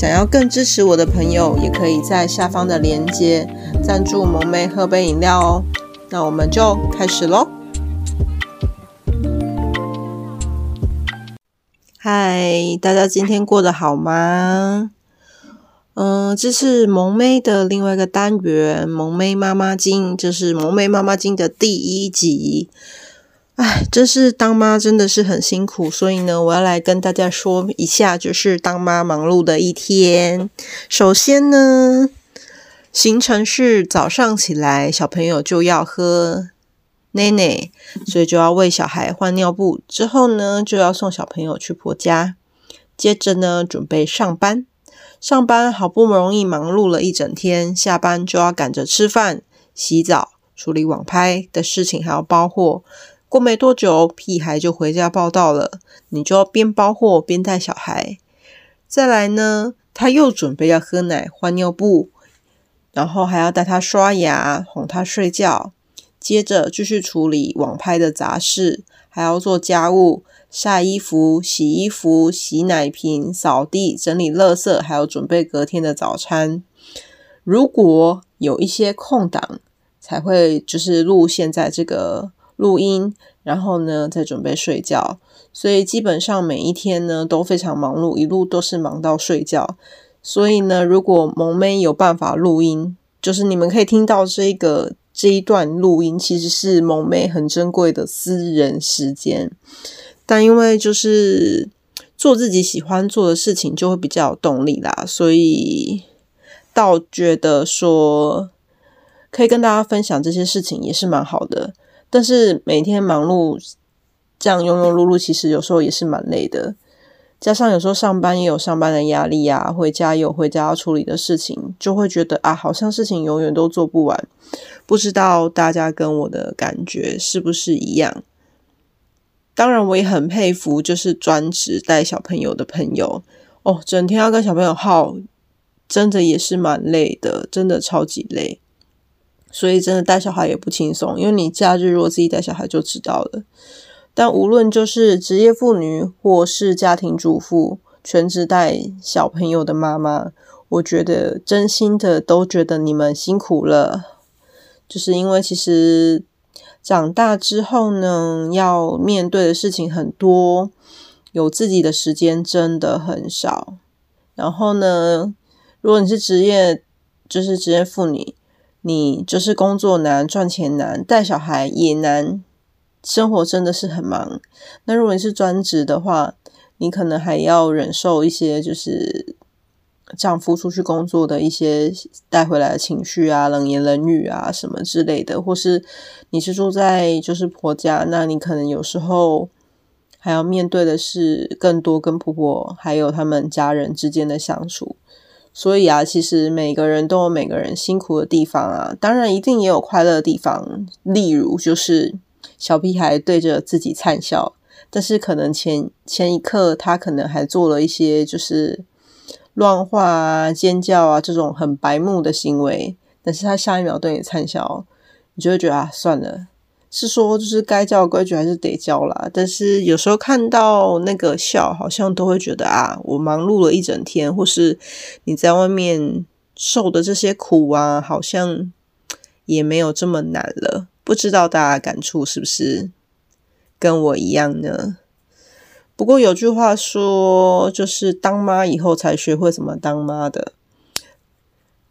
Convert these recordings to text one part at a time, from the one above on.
想要更支持我的朋友，也可以在下方的鏈接贊助萌咩喝杯飲料哦。那我們就開始嘍！嗨，大家今天過得好嗎？嗯、呃，這是萌咩的另外一個單元《萌咩媽媽經》，這是《萌咩媽媽經》的第一集。唉，真是當媽真的是很辛苦，所以呢，我要來跟大家說一下，就是當媽忙碌的一天。首先呢，行程是早上起來，小朋友就要喝奶奶，所以就要餵小孩換尿布。之後呢，就要送小朋友去婆家。接着呢，準備上班。上班好不容易忙碌了一整天，下班就要趕着吃飯、洗澡、處理網拍的事情，還要包貨。過沒多久，屁孩就回家報到了。你就要邊包貨邊帶小孩。再來呢，他又準備要喝奶、換尿布，然後還要帶他刷牙、哄他睡覺，接着繼續處理網拍的雜事，還要做家務、曬衣、衣服、洗衣服、洗奶瓶、掃地、整理垃圾，還有準備隔天的早餐。如果有一些空檔，才會就是錄現在這個。錄音，然後呢，再準備睡覺，所以基本上每一天呢，都非常忙碌，一路都是忙到睡覺。所以呢，如果萌咩有辦法錄音，就是你們可以聽到這個這一段錄音，其實是萌咩很珍貴的私人時間。但因為就是做自己喜歡做的事情，就會比較有動力啦，所以倒覺得說可以跟大家分享這些事情也是蠻好的。但是每天忙碌這樣庸庸碌碌，其實有時候也是蠻累的。加上有時候上班也有上班的壓力啊，回家也有回家要處理的事情，就會覺得啊，好像事情永遠都做不完。不知道大家跟我的感覺是不是一樣？當然，我也很佩服就是專職帶小朋友的朋友哦，整天要跟小朋友耗，真的也是蠻累的，真的超級累。所以真的帶小孩也不輕鬆，因為你假日如果自己帶小孩就知道了。但無論就是職業婦女或是家庭主婦、全職帶小朋友的媽媽，我覺得真心的都覺得你們辛苦了。就是因為其實長大之後呢，要面對的事情很多，有自己的時間真的很少。然後呢，如果你是職業，就是職業婦女。你就是工作難、賺錢難、帶小孩也難，生活真的是很忙。那如果你是專職的話，你可能還要忍受一些就是丈夫出去工作的一些帶回來的情緒啊、冷言冷語啊什麼之類的。或是你是住在就是婆家，那你可能有時候還要面對的是更多跟婆婆還有他們家人之間的相處。所以啊，其實每個人都有每個人辛苦的地方啊，當然一定也有快樂的地方。例如，就是小屁孩對着自己燦笑，但是可能前前一刻他可能還做了一些就是亂畫啊、尖叫啊這種很白目的行為，但是他下一秒對你燦笑，你就會覺得啊，算了。是說，就是該教的規矩還是得教啦。但是有時候看到那個笑，好像都會覺得啊，我忙碌了一整天，或是你在外面受的這些苦啊，好像也沒有這麼難了。不知道大家感觸是不是跟我一樣呢？不過有句話說，就是當媽以後才學會怎麼當媽的。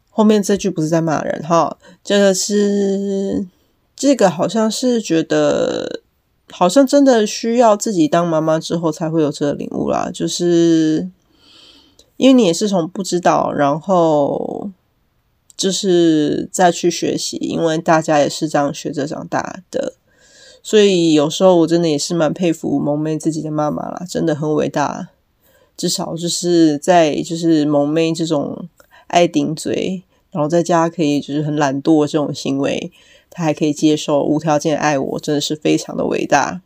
後面這句不是在罵人哈，這個是。這個好像是覺得，好像真的需要自己當媽媽之後才會有這個領悟啦。就是因為你也是從不知道，然後就是再去學習，因為大家也是這樣學着長大的。所以有時候我真的也是蠻佩服萌咩自己的媽媽啦，真的很偉大。至少就是在就是萌咩這種愛頂嘴，然後在家可以就是很懶惰這種行為。他還可以接受無條件愛我，真的是非常的偉大。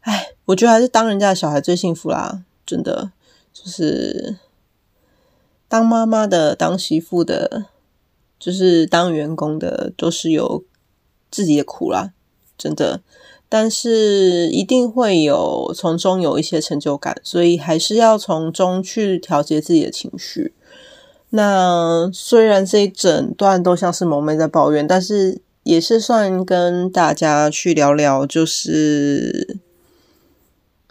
哎，我覺得還是當人家的小孩最幸福啦，真的就是當媽媽的，當媳婦的，就是當員工的，都是有自己的苦啦，真的。但是一定會有從中有一些成就感，所以還是要從中去調節自己的情緒。那雖然這一整段都像是萌咩在抱怨，但是也是算跟大家去聊聊，就是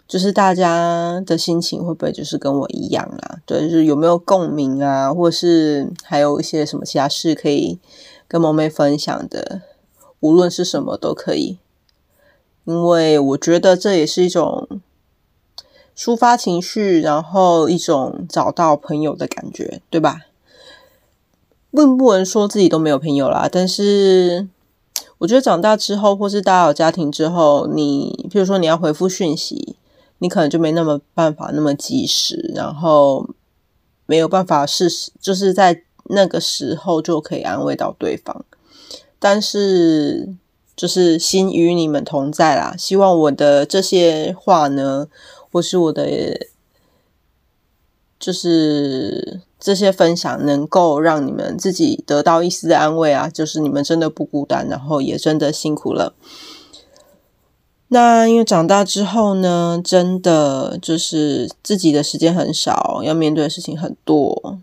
就是大家的心情會不會就是跟我一樣啊？對，就是有沒有共鳴啊？或是還有一些什麽其他事可以跟萌咩分享的，無論是什麽都可以，因為我覺得這也是一種抒發情緒，然後一種找到朋友的感覺，對吧？.並不能說自己都沒有朋友啦，但是我覺得長大之後，或是大好家庭之後，你比如說你要回復訊息，你可能就沒那麼辦法那麼及時，然後沒有辦法適時就是在那個時候就可以安慰到對方。但是就是心與你們同在啦，希望我的這些話呢，或是我的。就是這些分享能夠讓你們自己得到一絲的安慰啊，就是你們真的不孤單，然後也真的辛苦了。那因為長大之後呢，真的就是自己的時間很少，要面對的事情很多。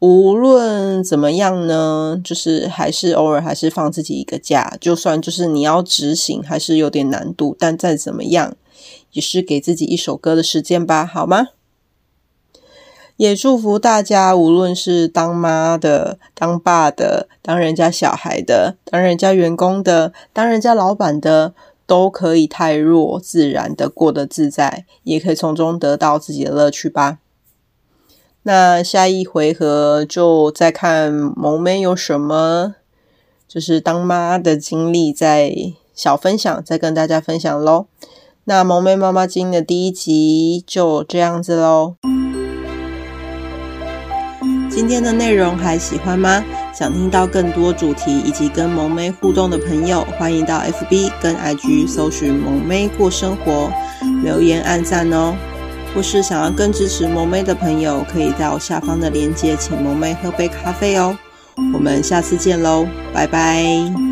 無論怎麼樣呢，就是還是偶爾還是放自己一個假，就算就是你要執行還是有點難度，但再怎麼樣也是給自己一首歌的時間吧，好嗎？也祝福大家，無論是當媽的、當爸的、當人家小孩的、當人家員工的、當人家老闆的，都可以太弱自然的過得自在，也可以從中得到自己的樂趣吧。那下一回合就再看萌咩有什麼，就是當媽的經歷，再小分享，再跟大家分享咯。那萌咩媽媽經的第一集就這樣子咯。今天的內容還喜歡嗎？想聽到更多主題以及跟萌咩互動的朋友，歡迎到 FB 跟 IG 搜尋“萌咩過生活”，留言、按贊哦。或是想要更支持萌咩的朋友，可以到下方的鏈接，請萌咩喝杯咖啡哦。我們下次見嘍，拜拜。